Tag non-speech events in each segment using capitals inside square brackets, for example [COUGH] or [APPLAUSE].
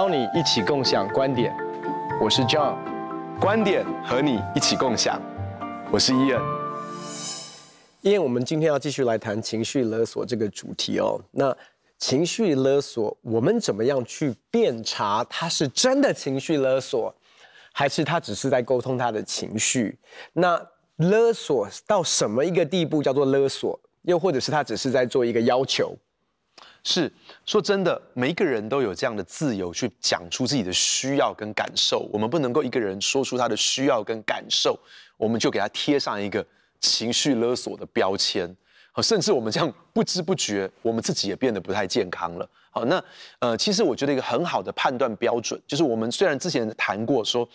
邀你一起共享觀點，我是 John，觀點和你一起共享，我是伊恩。因為我們今天要繼續來談情緒勒索這個主題哦。那情緒勒索，我們怎麼樣去辨查他是真的情緒勒索，還是他只是在溝通他的情緒？那勒索到什麼一個地步叫做勒索？又或者是他只是在做一個要求？是說真的，每一個人都有這樣的自由去講出自己的需要跟感受。我們不能夠一個人說出他的需要跟感受，我們就給他貼上一個情緒勒索的標籤。好，甚至我們這樣不知不覺，我們自己也變得不太健康了。好，那呃，其實我覺得一個很好的判斷標準，就是我們雖然之前談過說，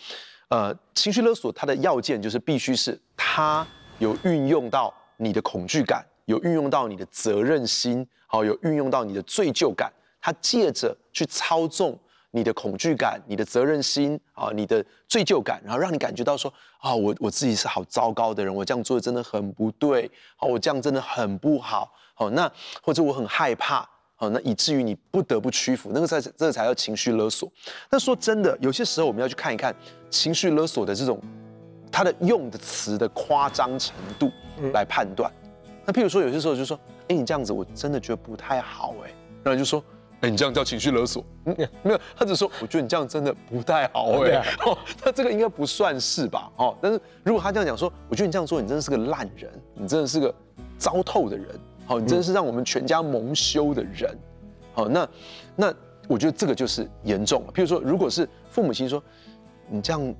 呃，情緒勒索它的要件就是必須是他有運用到你的恐懼感。有運用到你的責任心，好，有運用到你的罪疚感，他借着去操縱你的恐懼感、你的責任心啊、你的罪疚感，然後讓你感覺到說啊、哦，我我自己是好糟糕的人，我這樣做的真的很不對，我這樣真的很不好，好，那或者我很害怕，好，那以至於你不得不屈服，那個才這才叫情緒勒索。那說真的，有些時候我們要去看一看情緒勒索的這種它的用的詞的誇張程度來判斷。嗯那譬如說，有些時候就說，哎、欸，你這樣子，我真的覺得不太好哎。然後就說，哎、欸，你這樣叫情緒勒索，嗯，沒有，他就說，我覺得你這樣真的不太好哎、啊。哦，那這個應該不算是吧？哦，但是如果他這樣講說，我覺得你這樣做，你真的是個爛人，你真的是個糟透的人，好、哦，你真的是讓我們全家蒙羞的人，好、嗯哦，那那我覺得這個就是嚴重了。譬如說，如果是父母親說，你這樣，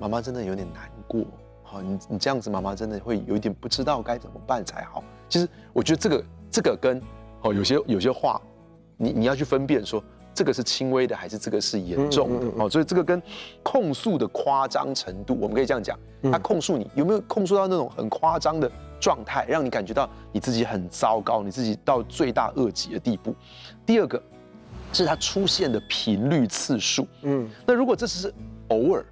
媽媽真的有點難過。好，你你這樣子，媽媽真的會有一點不知道該怎麼辦才好。其實，我覺得這個這個跟哦，有些有些話，你你要去分辨，說這個是輕微的，還是這個是嚴重的。哦，所以這個跟控訴的誇張程度，我們可以這樣講，他控訴你有沒有控訴到那種很誇張的狀態，讓你感覺到你自己很糟糕，你自己到罪大惡極的地步。第二個是它出現的頻率次數。嗯，那如果這是偶爾，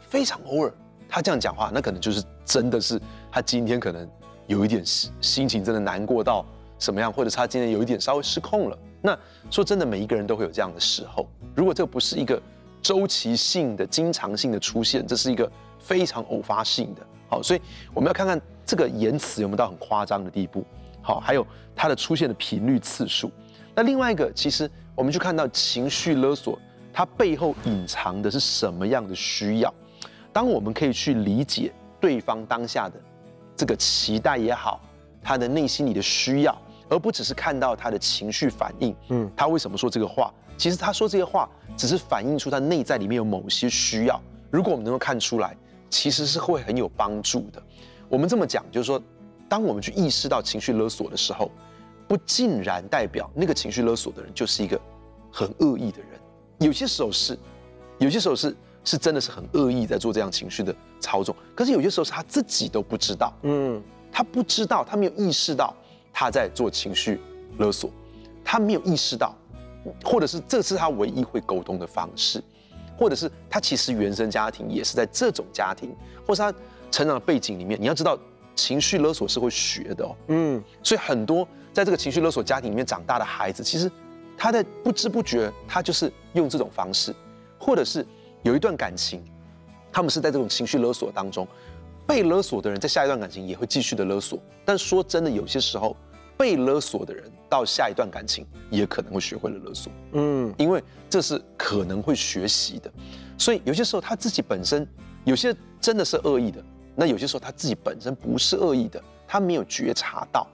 非常偶爾，他這樣講話，那可能就是真的是他今天可能有一點心心情真的難過到什麼樣，或者是他今天有一點稍微失控了。那說真的，每一個人都會有這樣的時候。如果這不是一個週期性的、經常性的出現，這是一個非常偶發性的。好，所以我們要看看這個言辭有沒有到很誇張的地步。好，還有它的出現的頻率次數。那另外一個，其實我們去看到情緒勒索，它背後隱藏的是什麼樣的需要？當我們可以去理解對方當下的這個期待也好，他的內心裡的需要，而不只是看到他的情緒反應，嗯，他為什麼說這個話？其實他說這些話只是反映出他內在裡面有某些需要。如果我們能夠看出來，其實是會很有幫助的。我們這麼講，就是說，當我們去意識到情緒勒索的時候，不盡然代表那個情緒勒索的人就是一個很惡意的人。有些時候是，有些時候是。是真的是很惡意在做這樣情緒的操縱，可是有些時候是他自己都不知道，嗯，他不知道，他沒有意識到他在做情緒勒索，他沒有意識到，或者是這是他唯一會溝通的方式，或者是他其實原生家庭也是在這種家庭，或是他成長的背景裡面，你要知道情緒勒索是會學的哦，嗯，所以很多在這個情緒勒索家庭裡面長大的孩子，其實他在不知不覺，他就是用這種方式，或者是。有一段感情，他們是在這種情緒勒索當中，被勒索的人在下一段感情也會繼續的勒索。但說真的，有些時候被勒索的人到下一段感情也可能會學會了勒索，嗯，因為這是可能會學習的。所以有些時候他自己本身有些真的是惡意的，那有些時候他自己本身不是惡意的，他沒有覺察到，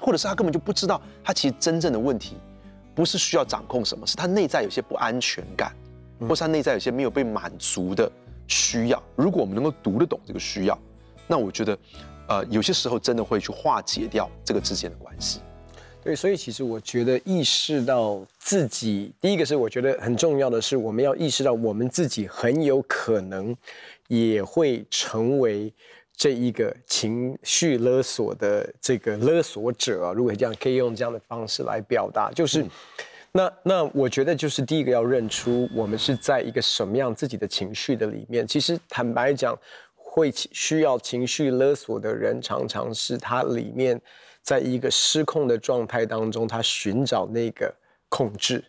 或者是他根本就不知道，他其實真正的問題不是需要掌控什麼，是他內在有些不安全感。或是內在有些沒有被滿足的需要，如果我們能夠讀得懂這個需要，那我覺得，呃，有些時候真的會去化解掉這個之間的關係。對，所以其實我覺得意識到自己，第一個是我覺得很重要的是，我們要意識到我們自己很有可能也會成為這一個情緒勒索的這個勒索者。如果這樣可以用這樣的方式來表達，就是。嗯那那我覺得就是第一個要認出我們是在一個什麼樣自己的情緒的裡面。其實坦白講，會需要情緒勒索的人，常常是他裡面，在一個失控的狀態當中，他尋找那個控制。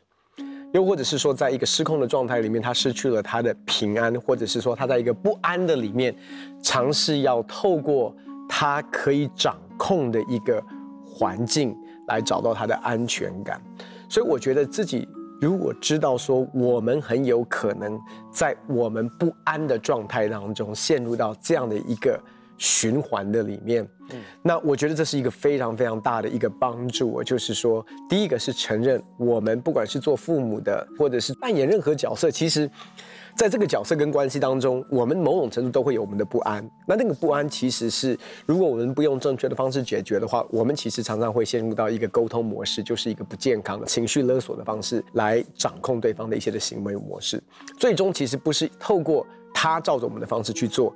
又或者是說，在一個失控的狀態裡面，他失去了他的平安，或者是說他在一個不安的裡面，嘗試要透過他可以掌控的一個環境來找到他的安全感。所以我覺得自己如果知道說，我們很有可能在我們不安的狀態當中陷入到這樣的一個循環的裡面，嗯，那我覺得這是一個非常非常大的一個幫助。就是說，第一個是承認我們不管是做父母的，或者是扮演任何角色，其實。在這個角色跟關係當中，我們某種程度都會有我們的不安。那那個不安其實是，如果我們不用正確的方式解決的話，我們其實常常會陷入到一個溝通模式，就是一個不健康的情緒勒索的方式來掌控對方的一些的行為模式。最終其實不是透過他照着我們的方式去做，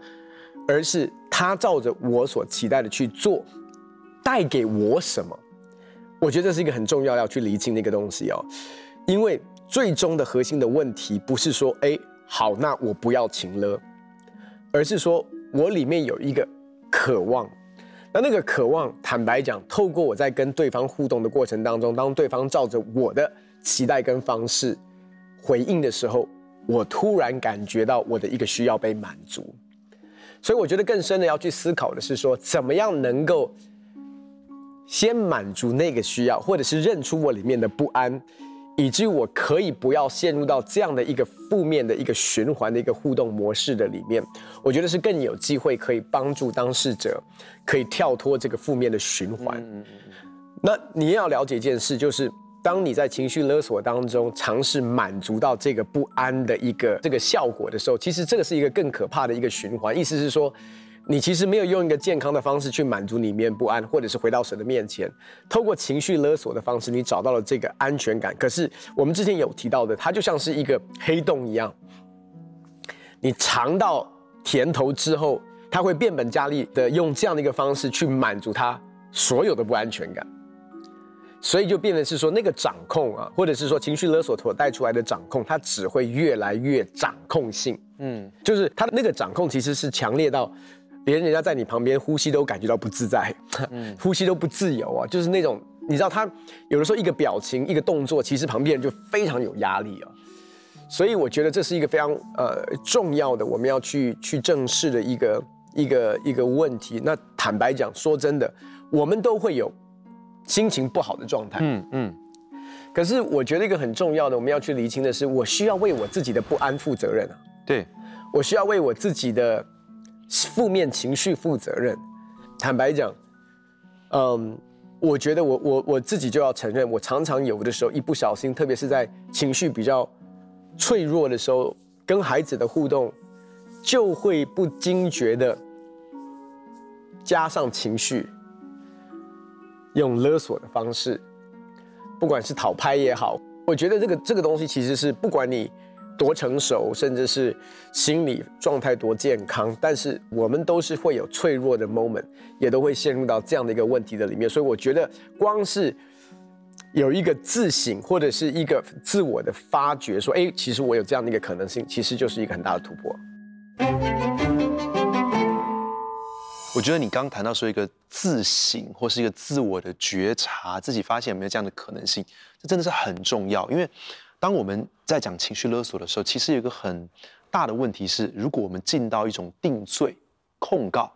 而是他照着我所期待的去做，帶給我什麼？我覺得這是一個很重要要去釐清的一個東西哦，因為最終的核心的問題不是說，誒。好，那我不要情勒，而是說我裡面有一個渴望。那那個渴望，坦白講，透過我在跟對方互動的過程當中，當對方照着我的期待跟方式回應的時候，我突然感覺到我的一個需要被滿足。所以我覺得更深的要去思考的是說，怎麼樣能夠先滿足那個需要，或者是認出我裡面的不安。以至於我可以不要陷入到這樣的一個負面的一個循環的一個互動模式的裡面，我覺得是更有機會可以幫助當事者，可以跳脫這個負面的循環。嗯，那你要了解一件事，就是當你在情緒勒索當中嘗試滿足到這個不安的一個這個效果的時候，其實這個是一個更可怕的一個循環。意思是說，你其實沒有用一個健康的方式去滿足裡面不安，或者是回到神的面前，透過情緒勒索的方式，你找到了這個安全感。可是我們之前有提到的，它就像是一個黑洞一樣，你嘗到甜頭之後，它會變本加厲的用這樣的一個方式去滿足它所有的不安全感。所以就變成是說，那個掌控啊，或者是說情緒勒索所帶出來的掌控，它只會越來越掌控性。嗯，就是它的那個掌控其實是強烈到。別人人家在你旁邊呼吸都感覺到不自在、嗯，呼吸都不自由啊，就是那種你知道他有的時候一個表情一個動作，其實旁邊人就非常有壓力啊。所以我覺得這是一個非常呃重要的我們要去去正視的一個一個一個問題。那坦白講，說真的，我們都會有心情不好的狀態。嗯嗯。可是我覺得一個很重要的我們要去釐清的是，我需要為我自己的不安負責任啊。對，我需要為我自己的。負面情緒負責任，坦白講，嗯，我覺得我我我自己就要承認，我常常有的時候一不小心，特別是在情緒比較脆弱的時候，跟孩子的互動就會不經覺的加上情緒，用勒索的方式，不管是討拍也好，我覺得這個這個東西其實是不管你多成熟，甚至是心理狀態多健康，但是我們都是會有脆弱的 moment，也都會陷入到這樣的一個問題的裡面。所以我覺得，光是有一個自省或者是一個自我的發覺，說，誒、欸，其實我有這樣的一個可能性，其實就是一個很大的突破。我覺得你剛談到說一個自省或是一個自我的覺察，自己發現有沒有這樣的可能性，這真的是很重要，因為。當我們在講情緒勒索的時候，其實有一個很大的問題是，如果我們進到一種定罪、控告，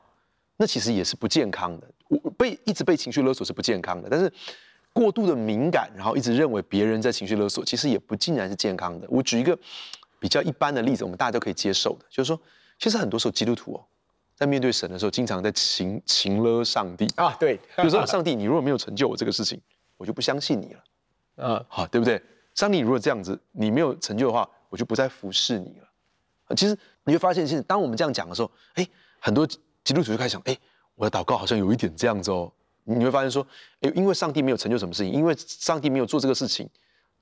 那其實也是不健康的。我被一直被情緒勒索是不健康的，但是過度的敏感，然後一直認為別人在情緒勒索，其實也不盡然是健康的。我舉一個比較一般的例子，我們大家都可以接受的，就是說，其實很多時候基督徒哦，在面對神的時候，經常在情情勒上帝啊，對，比如說上帝，你如果沒有成就我這個事情，我就不相信你了，啊，好，對不對？上帝如果這樣子，你沒有成就的話，我就不再服侍你了。其實你會發現，其實當我們這樣講的時候，哎，很多基督徒就開始想：哎，我的禱告好像有一點這樣子哦。你會發現說，哎，因為上帝沒有成就什麼事情，因為上帝沒有做這個事情。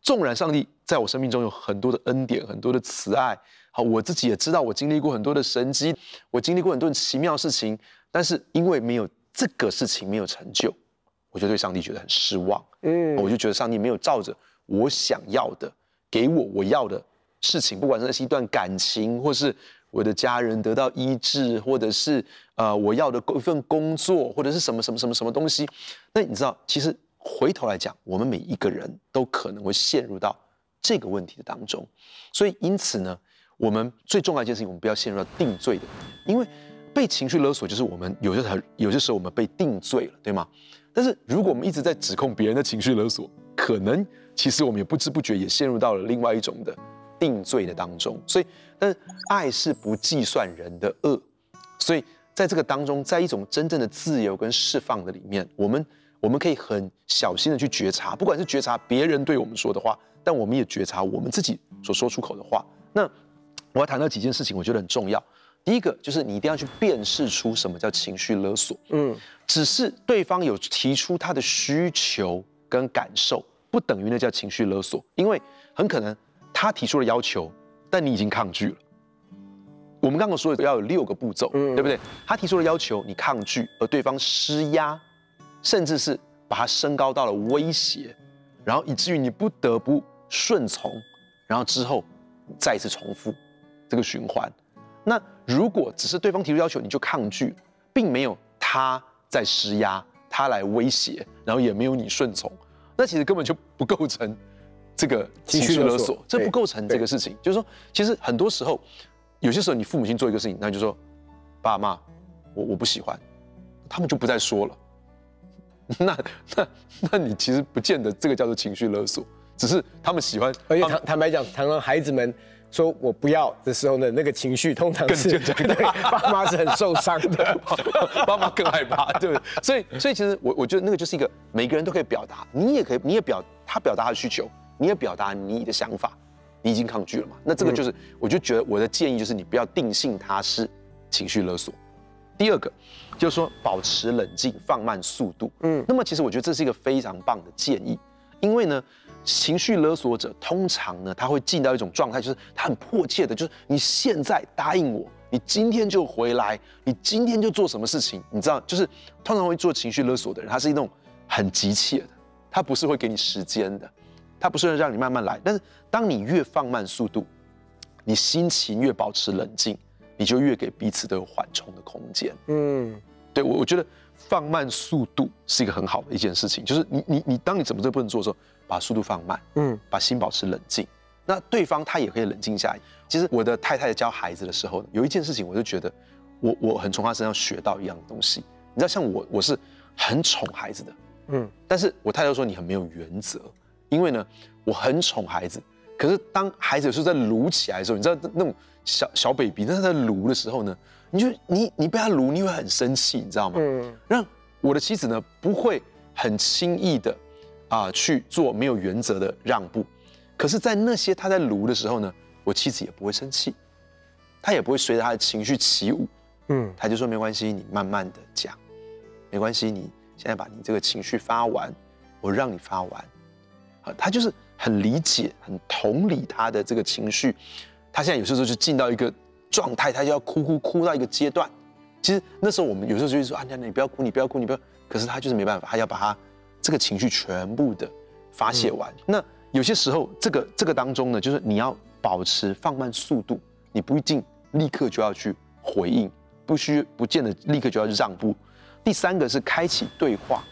縱然上帝在我生命中有很多的恩典、很多的慈愛，好，我自己也知道我經歷過很多的神蹟，我經歷過很多奇妙的事情，但是因為沒有這個事情沒有成就，我就對上帝覺得很失望。嗯，我就覺得上帝沒有照着。我想要的，給我我要的事情，不管那是一段感情，或是我的家人得到醫治，或者是呃我要的一份工作，或者是什麼什麼什麼什麼東西，那你知道，其實回頭來講，我們每一個人都可能會陷入到這個問題的當中，所以因此呢，我們最重要的一件事情，我們不要陷入到定罪的，因為被情緒勒索就是我們有些時候有些時候我們被定罪了，對嗎？但是如果我們一直在指控別人的情緒勒索，可能。其實我們也不知不覺也陷入到了另外一種的定罪的當中，所以，但是愛是不計算人的惡，所以在這個當中，在一種真正的自由跟釋放的裡面，我們我們可以很小心的去覺察，不管是覺察別人對我們說的話，但我們也覺察我們自己所說出口的話。那我要談到幾件事情，我覺得很重要。第一個就是你一定要去辨識出什麼叫情緒勒索，嗯，只是對方有提出他的需求跟感受。不等於那叫情緒勒索，因為很可能他提出了要求，但你已經抗拒了。我們剛剛說的要有六個步驟，嗯，對不對？他提出了要求，你抗拒，而對方施壓，甚至是把他升高到了威脅，然後以至於你不得不順從，然後之後再一次重複這個循環。那如果只是對方提出要求，你就抗拒，並沒有他在施壓，他來威脅，然後也沒有你順從。那其實根本就不構成這個情緒勒索，勒索這不構成這個事情。就是說，其實很多時候，有些時候你父母親做一個事情，那你就說，爸媽，我我不喜歡，他們就不再說了。 [LAUGHS] 那那那你其實不見得這個叫做情緒勒索，只是他們喜歡。而且坦坦白講，常常孩子們。說我不要的時候呢，那個情緒通常是對爸媽是很受傷的， [LAUGHS] 爸，爸媽更害怕， [LAUGHS] 對不對？所以，所以其實我我覺得那個就是一個每個人都可以表達，你也可以，你也表他表達他的需求，你也表達你的想法，你已經抗拒了嘛。那這個就是，我就覺得我的建議就是你不要定性他是情緒勒索。第二個就是說保持冷靜，放慢速度。嗯，那麼其實我覺得這是一個非常棒的建議。因為呢，情緒勒索者通常呢，他會進到一種狀態，就是他很迫切的，就是你現在答應我，你今天就回來，你今天就做什麼事情，你知道，就是通常會做情緒勒索的人，他是一種很急切的，他不是會給你時間的，他不是會讓你慢慢來。但是，當你越放慢速度，你心情越保持冷靜，你就越給彼此都有緩衝的空間。嗯。對，我我覺得放慢速度是一個很好的一件事情，就是你你你，當你怎麼都不能做的時候，把速度放慢，嗯，把心保持冷靜，嗯，那對方他也可以冷靜下來。其實我的太太教孩子的時候，有一件事情，我就覺得我我很從他身上學到一樣東西。你知道，像我我是很寵孩子的，嗯，但是我太太說，你很沒有原則，因為呢，我很寵孩子，可是當孩子有時候在擼起來的時候，你知道那種小小 baby，但他在擼的時候呢。你就你你被他盧，你會很生氣，你知道嗎、嗯？讓我的妻子呢不會很輕易的啊、呃、去做沒有原則的讓步。可是，在那些他在盧的時候呢，我妻子也不會生氣，他也不會隨着他的情緒起舞。嗯，他就說沒關係，你慢慢的講，沒關係，你現在把你這個情緒發完，我讓你發完。好、呃，他就是很理解、很同理他的這個情緒。他現在有時候就進到一個狀態，他就要哭哭哭到一個階段。其實那時候我們有時候就會說：“哎呀，你不要哭，你不要哭，你不要。”可是他就是沒辦法，他要把他這個情緒全部的發泄完、嗯。那有些時候，這個這個當中呢，就是你要保持放慢速度，你不一定立刻就要去回應，不需不見得立刻就要讓步。第三個是開啟對話，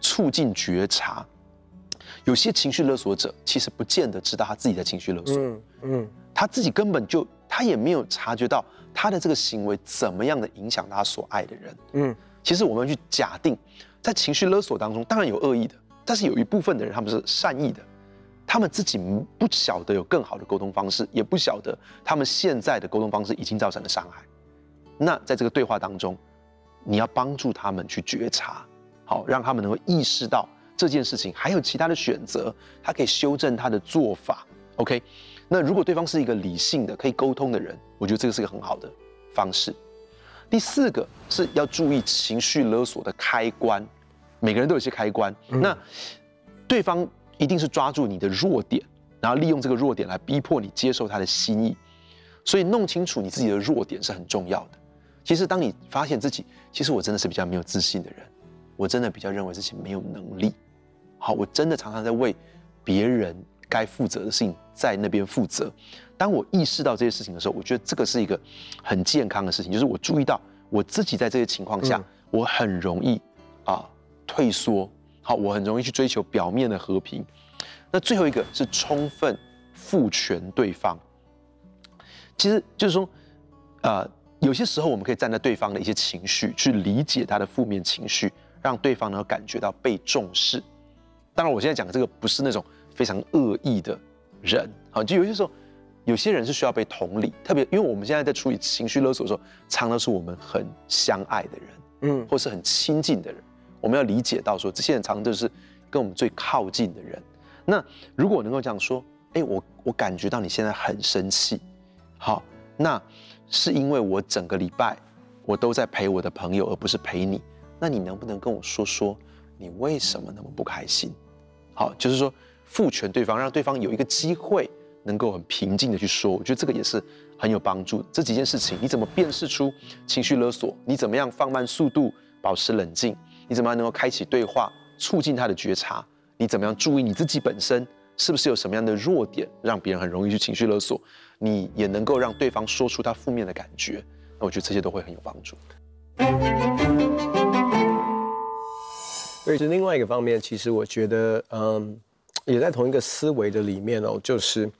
促進覺察。有些情緒勒索者其實不見得知道他自己在情緒勒索，嗯，嗯嗯，他自己根本就。他也沒有察覺到他的這個行為怎麼樣的影響他所愛的人。嗯，其實我們去假定，在情緒勒索當中，當然有惡意的，但是有一部分的人他們是善意的，他們自己不曉得有更好的溝通方式，也不曉得他們現在的溝通方式已經造成了傷害。那在這個對話當中，你要幫助他們去覺察，好，讓他們能夠意識到這件事情還有其他的選擇，他可以修正他的做法。OK。那如果對方是一個理性的、可以溝通的人，我覺得這個是一個很好的方式。第四個是要注意情緒勒索的開關，每個人都有一些開關。那對方一定是抓住你的弱點，然後利用這個弱點來逼迫你接受他的心意。所以弄清楚你自己的弱點是很重要的。其實當你發現自己，其實我真的是比較沒有自信的人，我真的比較認為自己沒有能力。好，我真的常常在為別人。該負責的事情在那邊負責。當我意識到這些事情的時候，我覺得這個是一個很健康的事情。就是我注意到我自己在這些情況下，嗯、我很容易啊、呃、退縮。好，我很容易去追求表面的和平。那最後一個是充分賦權對方。其實就是說，呃，有些時候我們可以站在對方的一些情緒去理解他的負面情緒，讓對方能夠感覺到被重視。當然，我現在講的這個不是那種。非常惡意的人，好，就有些時候，有些人是需要被同理，特別因為我們現在在處理情緒勒索的時候，常常是我們很相愛的人，嗯，或是很親近的人，我們要理解到說，這些人常常就是跟我們最靠近的人。那如果我能夠這樣說，哎，我我感覺到你現在很生氣，好，那是因為我整個禮拜我都在陪我的朋友，而不是陪你。那你能不能跟我說說，你為什麼那麼不開心？好，就是說。賦權對方，讓對方有一個機會能夠很平靜的去說，我覺得這個也是很有幫助的。這幾件事情，你怎麼辨識出情緒勒索？你怎麼樣放慢速度，保持冷靜？你怎麼樣能夠開啟對話，促進他的覺察？你怎麼樣注意你自己本身是不是有什麼樣的弱點，讓別人很容易去情緒勒索？你也能夠讓對方說出他負面的感覺。那我覺得這些都會很有幫助。所以是另外一個方面。其實我覺得，嗯。也在同一個思維的裡面哦，就是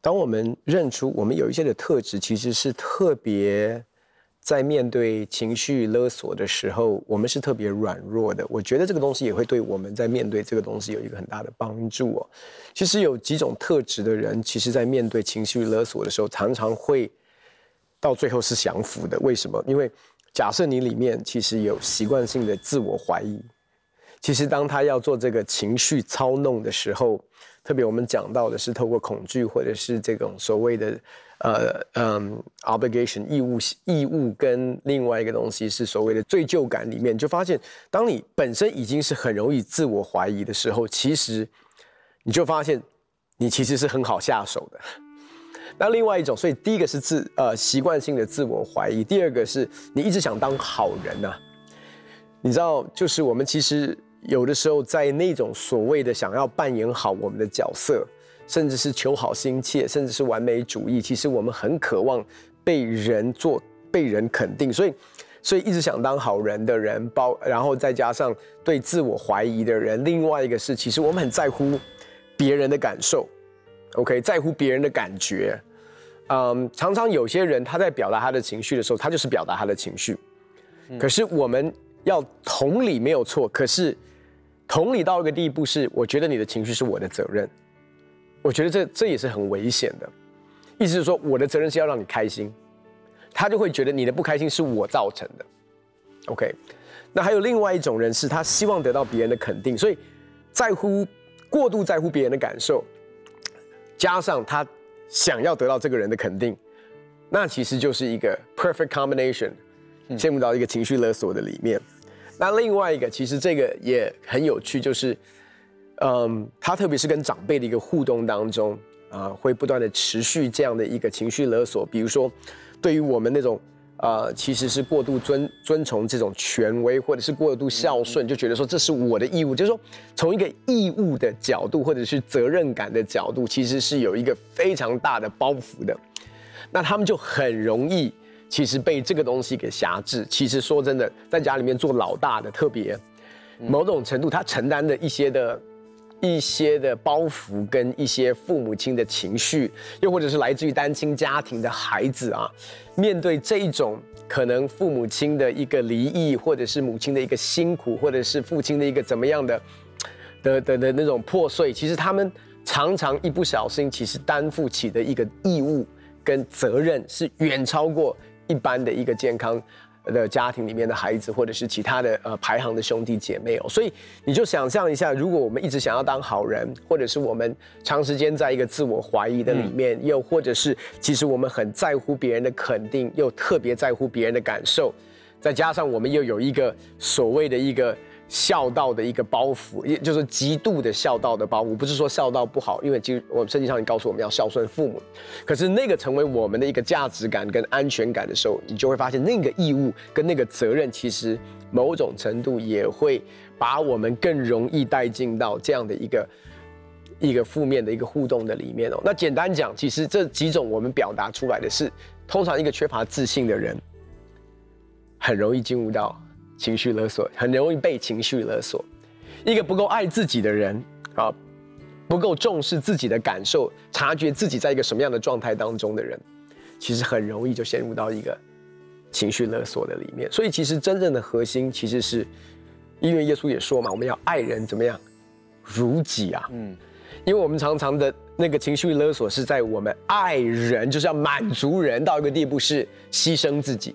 當我們認出我們有一些的特質，其實是特別在面對情緒勒索的時候，我們是特別軟弱的。我覺得這個東西也會對我們在面對這個東西有一個很大的幫助哦。其實有幾種特質的人，其實在面對情緒勒索的時候，常常會到最後是降服的。為什麼？因為假設你裡面其實有習慣性的自我懷疑。其實，當他要做這個情緒操弄的時候，特別我們講到的是透過恐懼，或者是這種所謂的呃嗯、呃、obligation 義務義務跟另外一個東西是所謂的罪疚感裡面，就發現，當你本身已經是很容易自我懷疑的時候，其實你就發現你其實是很好下手的。那另外一種，所以第一個是自呃習慣性的自我懷疑，第二個是你一直想當好人啊，你知道，就是我們其實。有的時候，在那種所謂的想要扮演好我們的角色，甚至是求好心切，甚至是完美主義，其實我們很渴望被人做被人肯定，所以，所以一直想當好人的人，包然後再加上對自我懷疑的人，另外一個是，其實我們很在乎別人的感受，OK，在乎別人的感覺，嗯，常常有些人他在表達他的情緒的時候，他就是表達他的情緒，可是我們要同理沒有錯，可是。同理到一個地步是，我覺得你的情緒是我的責任，我覺得這這也是很危險的，意思是說我的責任是要讓你開心，他就會覺得你的不開心是我造成的。OK，那還有另外一種人是，他希望得到別人的肯定，所以在乎過度在乎別人的感受，加上他想要得到這個人的肯定，那其實就是一個 perfect combination，進入到一個情緒勒索的裡面。嗯那另外一個，其實這個也很有趣，就是，嗯，他特別是跟長輩的一個互動當中啊、呃，會不斷的持續這樣的一個情緒勒索。比如說，對於我們那種啊、呃，其實是過度尊尊崇這種權威，或者是過度孝順，就覺得說這是我的義務，就是說從一個義務的角度，或者是責任感的角度，其實是有一個非常大的包袱的。那他們就很容易。其實被這個東西給挾制。其實說真的，在家裡面做老大的，特別某種程度，他承擔的一些的、一些的包袱，跟一些父母親的情緒，又或者是來自於單親家庭的孩子啊，面對這一種可能父母親的一個離異，或者是母親的一個辛苦，或者是父親的一個怎麼樣的的的的的那種破碎，其實他們常常一不小心，其實擔負起的一個義務跟責任是遠超過。一般的一個健康的家庭裡面的孩子，或者是其他的呃排行的兄弟姐妹哦，所以你就想象一下，如果我們一直想要當好人，或者是我們長時間在一個自我懷疑的裡面，又或者是其實我們很在乎別人的肯定，又特別在乎別人的感受，再加上我們又有一個所謂的一個。孝道的一個包袱，也就是極度的孝道的包袱。不是說孝道不好，因為經我們聖經上也告訴我們要孝順父母，可是那個成為我們的一個價值感跟安全感的時候，你就會發現那個義務跟那個責任，其實某種程度也會把我們更容易帶進到這樣的一個一個負面的一個互動的裡面哦。那簡單講，其實這幾種我們表達出來的是，通常一個缺乏自信的人，很容易進入到。情緒勒索，很容易被情緒勒索，一個不夠愛自己的人，啊，不夠重視自己的感受，察覺自己在一個什麼樣的狀態當中的人，其實很容易就陷入到一個情緒勒索的裡面。所以，其實真正的核心其實是，因為耶穌也說嘛，我們要愛人怎麼樣？如己啊。嗯，因為我們常常的那個情緒勒索是在我們愛人，就是要滿足人到一個地步是犧牲自己。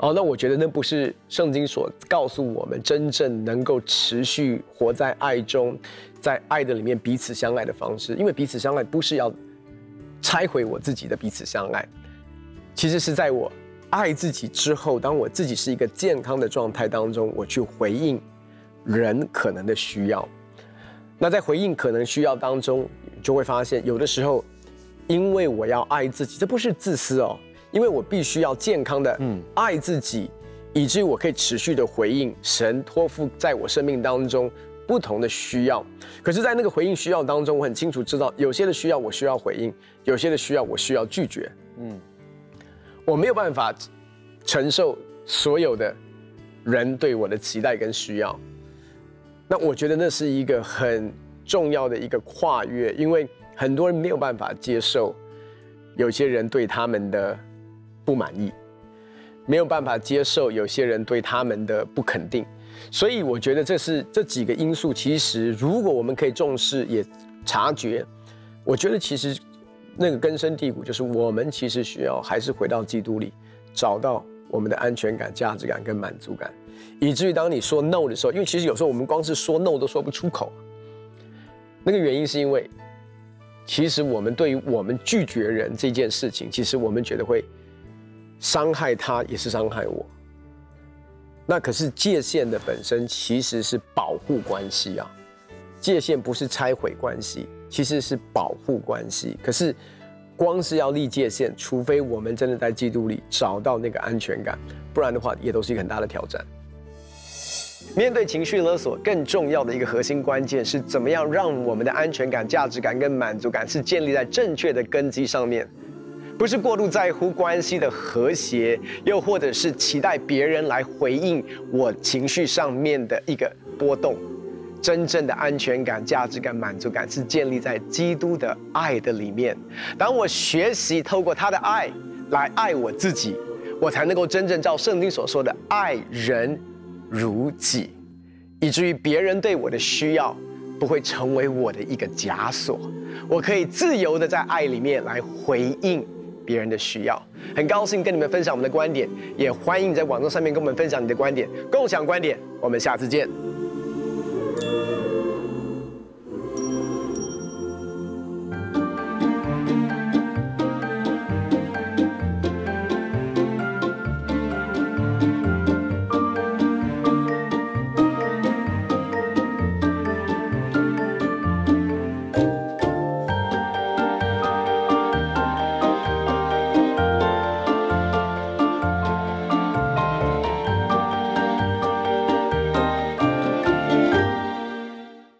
哦，那我覺得那不是聖經所告訴我們真正能夠持續活在愛中，在愛的裡面彼此相愛的方式，因為彼此相愛不是要拆毀我自己的彼此相愛，其實是在我愛自己之後，當我自己是一個健康的狀態當中，我去回應人可能的需要。那在回應可能需要當中，就會發現有的時候，因為我要愛自己，這不是自私哦。因為我必須要健康的愛自己、嗯，以至於我可以持續的回應神托付在我生命當中不同的需要。可是，在那個回應需要當中，我很清楚知道，有些的需要我需要回應，有些的需要我需要拒絕。嗯，我沒有辦法承受所有的人對我的期待跟需要。那我覺得那是一個很重要的一個跨越，因為很多人沒有辦法接受有些人對他們的、嗯。不滿意，沒有辦法接受有些人對他們的不肯定，所以我覺得這是這幾個因素。其實，如果我們可以重視也察覺，我覺得其實那個根深蒂固，就是我們其實需要還是回到基督裡，找到我們的安全感、價值感跟滿足感。以至於當你說 no 的時候，因為其實有時候我們光是說 no 都說不出口，那個原因是因為，其實我們對於我們拒絕人這件事情，其實我們覺得會。傷害他也是傷害我。那可是界限的本身其實是保護關係啊，界限不是拆毀關係，其實是保護關係。可是光是要立界限，除非我們真的在基督裡找到那個安全感，不然的話也都是一個很大的挑戰。面對情緒勒索，更重要的一個核心關鍵是怎麼樣讓我們的安全感、價值感跟滿足感是建立在正確的根基上面。不是過度在乎關係的和諧，又或者是期待別人來回應我情緒上面的一個波動。真正的安全感、價值感、滿足感是建立在基督的愛的裡面。當我學習透過他的愛來愛我自己，我才能夠真正照聖經所說的愛人如己，以至於別人對我的需要不會成為我的一個枷鎖。我可以自由地在愛裡面來回應別人的需要，很高興跟你們分享我們的觀點，也歡迎你在網絡上面跟我們分享你的觀點，共享觀點，我們下次見。